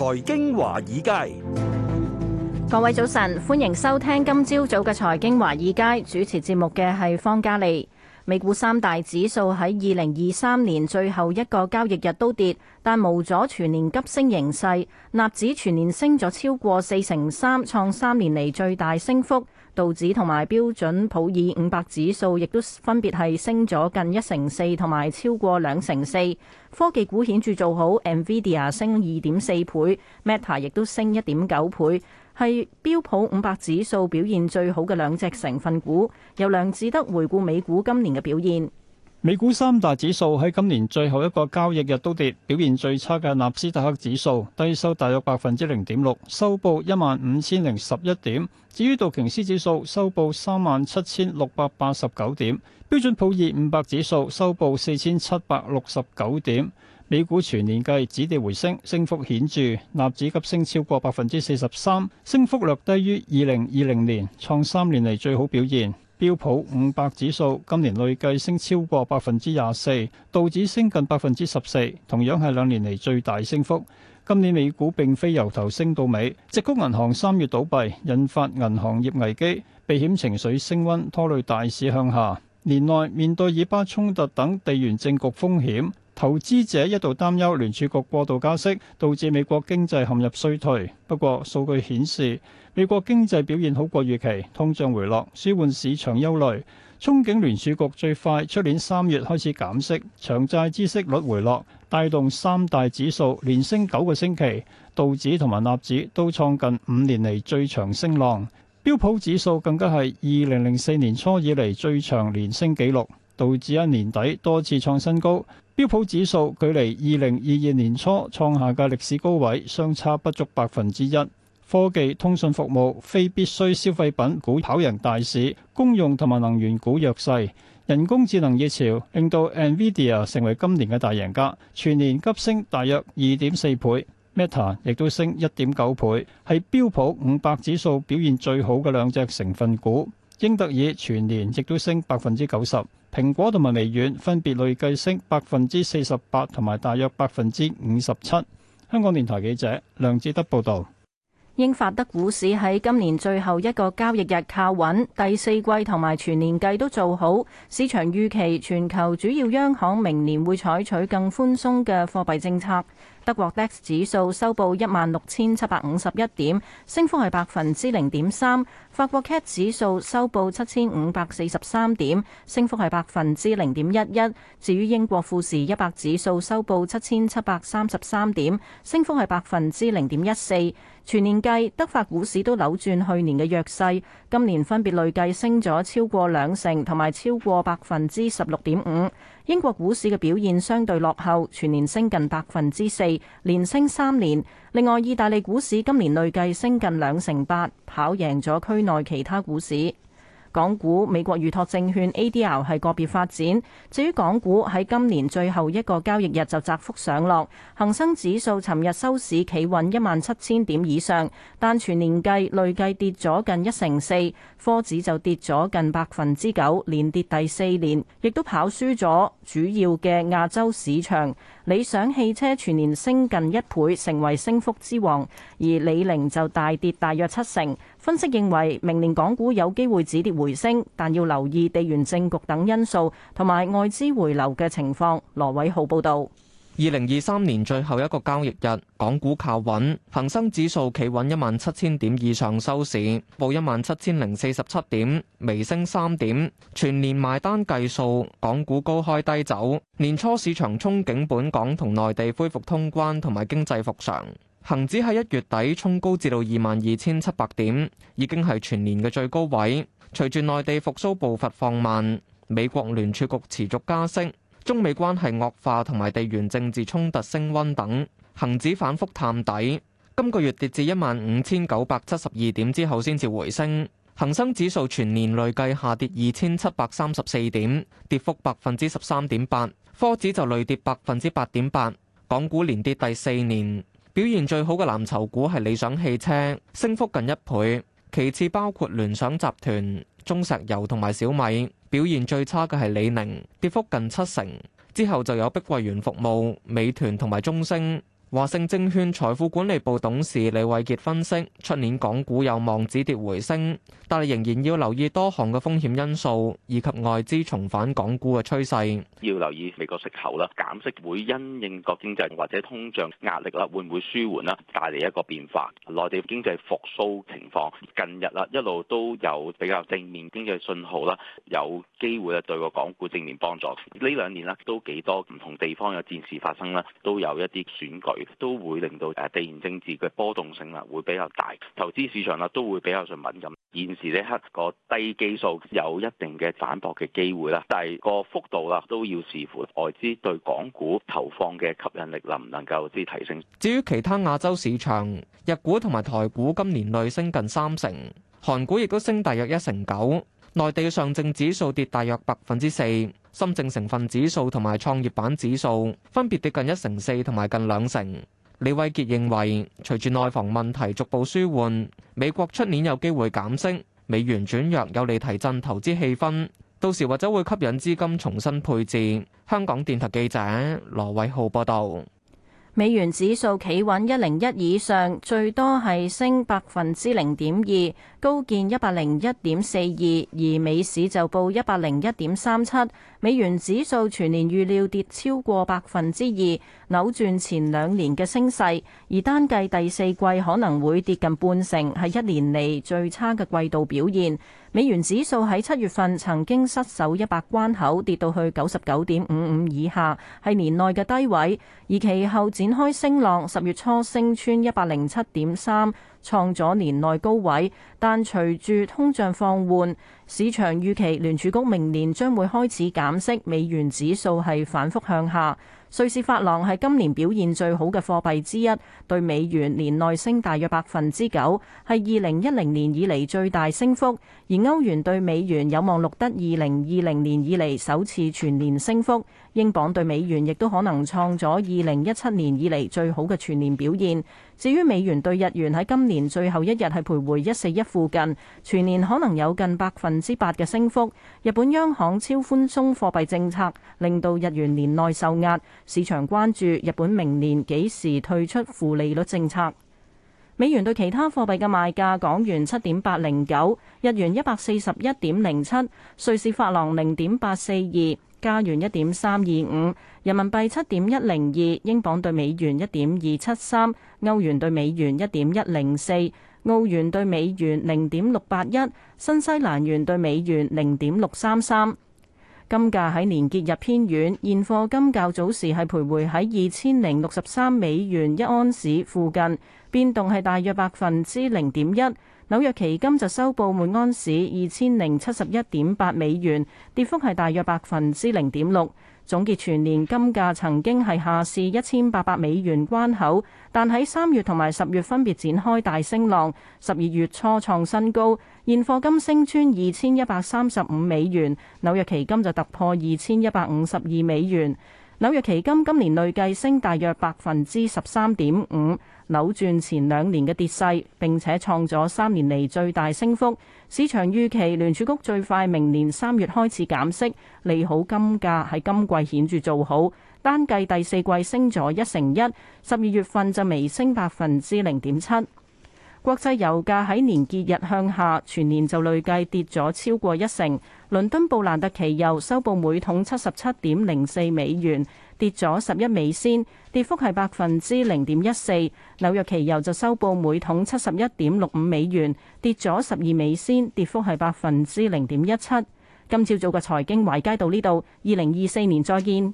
財經華爾街，各位早晨，歡迎收聽今朝早嘅財經華爾街。主持節目嘅係方嘉利。美股三大指數喺二零二三年最後一個交易日都跌，但無阻全年急升形勢，納指全年升咗超過四成三，創三年嚟最大升幅。道指同埋標準普爾五百指數亦都分別係升咗近一成四同埋超過兩成四。科技股顯著做好，NVIDIA 升二點四倍，Meta 亦都升一點九倍，係標普五百指數表現最好嘅兩隻成分股。由梁志德回顧美股今年嘅表現。美股三大指數喺今年最後一個交易日都跌，表現最差嘅納斯達克指數低收大約百分之零點六，收報一萬五千零十一點。至於道瓊斯指數收報三萬七千六百八十九點，標準普爾五百指數收報四千七百六十九點。美股全年計止跌回升，升幅顯著，納指急升超過百分之四十三，升幅略低於二零二零年，創三年嚟最好表現。標普五百指數今年累計升超過百分之廿四，道指升近百分之十四，同樣係兩年嚟最大升幅。今年美股並非由頭升到尾，矽谷銀行三月倒閉，引發銀行業危機，避險情緒升溫拖累大市向下。年內面對以巴衝突等地緣政局風險。投資者一度擔憂聯儲局過度加息導致美國經濟陷入衰退，不過數據顯示美國經濟表現好過預期，通脹回落，舒緩市場憂慮。憧憬聯儲局最快出年三月開始減息，長債孳息率回落，帶動三大指數連升九個星期，道指同埋納指都創近五年嚟最長升浪，標普指數更加係二零零四年初以嚟最長連升紀錄，導致一年底多次創新高。標普指數距離二零二二年初創下嘅歷史高位相差不足百分之一。科技、通訊服務、非必需消費品股跑贏大市，公用同埋能源股弱勢。人工智能熱潮令到 Nvidia 成為今年嘅大贏家，全年急升大約二點四倍。Meta 亦都升一點九倍，係標普五百指數表現最好嘅兩隻成分股。英特爾全年亦都升百分之九十。蘋果同埋微軟分別累計升百分之四十八同埋大約百分之五十七。香港電台記者梁志德報導。英法德股市喺今年最後一個交易日靠穩，第四季同埋全年計都做好。市場預期全球主要央行明年會採取更寬鬆嘅貨幣政策。德國 DAX 指數收報一萬六千七百五十一點，升幅係百分之零點三。法國 CAC 指數收報七千五百四十三點，升幅係百分之零點一一。至於英國富時一百指數收報七千七百三十三點，升幅係百分之零點一四。全年計，德法股市都扭轉去年嘅弱勢，今年分別累計升咗超過兩成，同埋超過百分之十六點五。英國股市嘅表現相對落後，全年升近百分之四，連升三年。另外，意大利股市今年累計升近兩成八，跑贏咗區內其他股市。港股、美國預託證券 ADR 係個別發展。至於港股喺今年最後一個交易日就窄幅上落，恒生指數尋日收市企穩一萬七千點以上，但全年計累計跌咗近一成四，科指就跌咗近百分之九，連跌第四年，亦都跑輸咗主要嘅亞洲市場。理想汽車全年升近一倍，成為升幅之王，而李寧就大跌大約七成。分析認為明年港股有機會止跌。回升，但要留意地緣政局等因素同埋外資回流嘅情況，羅偉浩報道：二零二三年最後一個交易日，港股靠穩，恒生指數企穩一萬七千點以上收市，報一萬七千零四十七點，微升三點。全年埋單計數，港股高開低走，年初市場憧憬本港同內地恢復通關同埋經濟復常。恒指喺一月底衝高至到二萬二千七百點，已經係全年嘅最高位。隨住內地復蘇步伐放慢、美國聯儲局持續加息、中美關係惡化同埋地緣政治衝突升溫等，恒指反復探底，今個月跌至一萬五千九百七十二點之後先至回升。恒生指數全年累計下跌二千七百三十四點，跌幅百分之十三點八。科指就累跌百分之八點八，港股連跌第四年。表現最好嘅藍籌股係理想汽車，升幅近一倍。其次包括聯想集團、中石油同埋小米。表現最差嘅係李寧，跌幅近七成。之後就有碧桂園服務、美團同埋中升。華盛證券財富管理部董事李慧傑分析，出年港股有望止跌回升，但係仍然要留意多項嘅風險因素，以及外資重返港股嘅趨勢。要留意美國息口啦，減息會因應國經濟或者通脹壓力啦，會唔會舒緩啦，帶嚟一個變化。內地經濟復蘇情況，近日啦，一路都有比較正面經濟信號啦，有機會咧對個港股正面幫助。呢兩年啦，都幾多唔同地方有戰事發生啦，都有一啲選舉。都會令到誒地緣政治嘅波動性啦，會比較大，投資市場啦都會比較上敏感。現時呢一刻個低基數有一定嘅反彈嘅機會啦，但係個幅度啦都要視乎外資對港股投放嘅吸引力能唔能夠之提升。至於其他亞洲市場，日股同埋台股今年累升近三成，韓股亦都升大約一成九，內地上證指數跌大約百分之四。深證成分指數同埋創業板指數分別跌近一成四同埋近兩成。李偉傑認為，隨住內房問題逐步舒緩，美國出年有機會減息，美元轉弱有利提振投資氣氛，到時或者會吸引資金重新配置。香港電台記者羅偉浩報道。美元指數企穩一零一以上，最多係升百分之零點二，高見一百零一點四二，而美市就報一百零一點三七。美元指數全年預料跌超過百分之二，扭轉前兩年嘅升勢，而單計第四季可能會跌近半成，係一年嚟最差嘅季度表現。美元指數喺七月份曾經失守一百關口，跌到去九十九點五五以下，係年內嘅低位，而其後展展開升浪，十月初升穿一百零七點三。創咗年內高位，但隨住通脹放緩，市場預期聯儲局明年將會開始減息。美元指數係反復向下。瑞士法郎係今年表現最好嘅貨幣之一，對美元年內升大約百分之九，係二零一零年以嚟最大升幅。而歐元對美元有望錄得二零二零年以嚟首次全年升幅。英鎊對美元亦都可能創咗二零一七年以嚟最好嘅全年表現。至於美元對日元喺今年……年最後一日係徘徊一四一附近，全年可能有近百分之八嘅升幅。日本央行超寬鬆貨幣政策，令到日元年內受壓，市場關注日本明年幾時退出負利率政策。美元對其他貨幣嘅賣價：港元七點八零九，日元一百四十一點零七，瑞士法郎零點八四二，加元一點三二五，人民幣七點一零二，英鎊對美元一點二七三，歐元對美元一點一零四，澳元對美元零點六八一，新西蘭元對美元零點六三三。金價喺年結日偏軟，現貨金較早時係徘徊喺二千零六十三美元一盎司附近。變動係大約百分之零點一，紐約期金就收報每安士二千零七十一點八美元，跌幅係大約百分之零點六。總結全年金價曾經係下試一千八百美元關口，但喺三月同埋十月分別展開大升浪，十二月初創新高，現貨金升穿二千一百三十五美元，紐約期金就突破二千一百五十二美元。紐約期金今年累計升大約百分之十三點五，扭轉前兩年嘅跌勢，並且創咗三年嚟最大升幅。市場預期聯儲局最快明年三月開始減息，利好金價喺今季顯著做好。單計第四季升咗一成一，十二月份就微升百分之零點七。國際油價喺年結日向下，全年就累計跌咗超過一成。倫敦布蘭特期油收報每桶七十七點零四美元，跌咗十一美仙，跌幅係百分之零點一四。紐約期油就收報每桶七十一點六五美元，跌咗十二美仙，跌幅係百分之零點一七。今朝早嘅財經華爾街到呢度，二零二四年再見。